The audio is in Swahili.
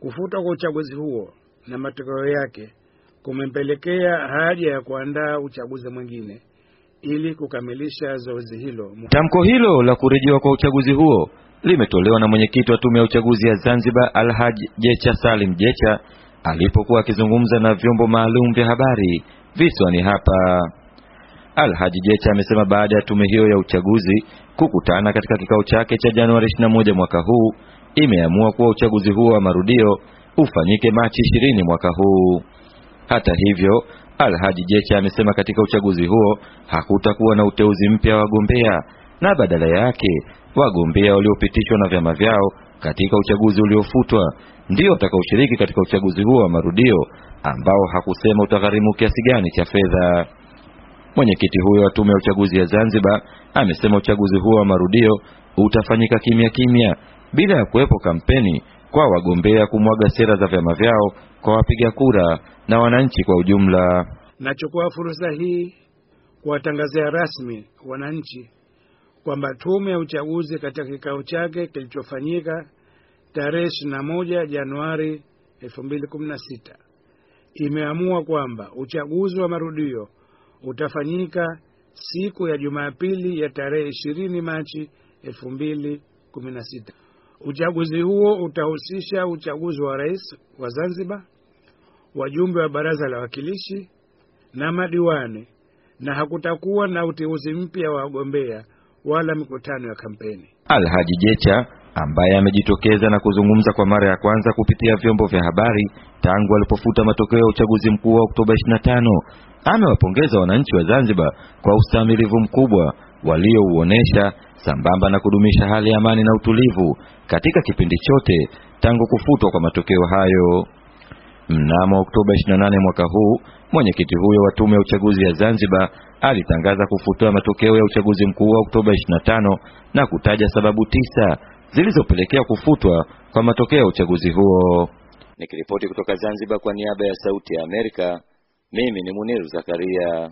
Kufutwa kwa uchaguzi huo na matokeo yake kumempelekea haja ya kuandaa uchaguzi mwingine ili kukamilisha zoezi hilo. Tamko hilo la kurejewa kwa uchaguzi huo limetolewa na mwenyekiti wa tume ya uchaguzi ya Zanzibar Alhaj Jecha Salim Jecha alipokuwa akizungumza na vyombo maalum vya habari visiwani hapa. Alhaji Jecha amesema baada ya tume hiyo ya uchaguzi kukutana katika kikao chake cha Januari 21 mwaka huu imeamua kuwa uchaguzi huo wa marudio ufanyike Machi ishirini mwaka huu. Hata hivyo, Alhaji Jecha amesema katika uchaguzi huo hakutakuwa na uteuzi mpya wa wagombea na badala yake wagombea waliopitishwa na vyama vyao katika uchaguzi uliofutwa ndio watakaoshiriki katika uchaguzi huo wa marudio ambao hakusema utagharimu kiasi gani cha fedha. Mwenyekiti huyo wa tume ya uchaguzi ya Zanzibar amesema uchaguzi huo wa marudio utafanyika kimya kimya bila ya kuwepo kampeni kwa wagombea kumwaga sera za vyama vyao kwa wapiga kura na wananchi kwa ujumla. Nachukua fursa hii kuwatangazia rasmi wananchi kwamba tume ya uchaguzi katika kikao chake kilichofanyika tarehe 21 Januari 2016 imeamua kwamba uchaguzi wa marudio utafanyika siku ya Jumapili ya tarehe 20 Machi 2016. Uchaguzi huo utahusisha uchaguzi wa rais wa Zanzibar, wajumbe wa baraza la wakilishi na madiwani, na hakutakuwa na uteuzi mpya wa wagombea wala mikutano ya kampeni. Alhaji Jecha ambaye amejitokeza na kuzungumza kwa mara ya kwanza kupitia vyombo vya habari tangu alipofuta matokeo ya uchaguzi mkuu wa Oktoba 25 amewapongeza wananchi wa Zanzibar kwa ustahimilivu mkubwa waliouonesha sambamba na kudumisha hali ya amani na utulivu katika kipindi chote tangu kufutwa kwa matokeo hayo. Mnamo Oktoba 28 mwaka huu, mwenyekiti huyo wa tume ya uchaguzi ya Zanzibar alitangaza kufutua matokeo ya uchaguzi mkuu wa Oktoba 25 na kutaja sababu tisa zilizopelekea kufutwa kwa matokeo ya uchaguzi huo. Nikiripoti kutoka Zanzibar kwa niaba ya Sauti ya Amerika, mimi ni Muniru Zakaria.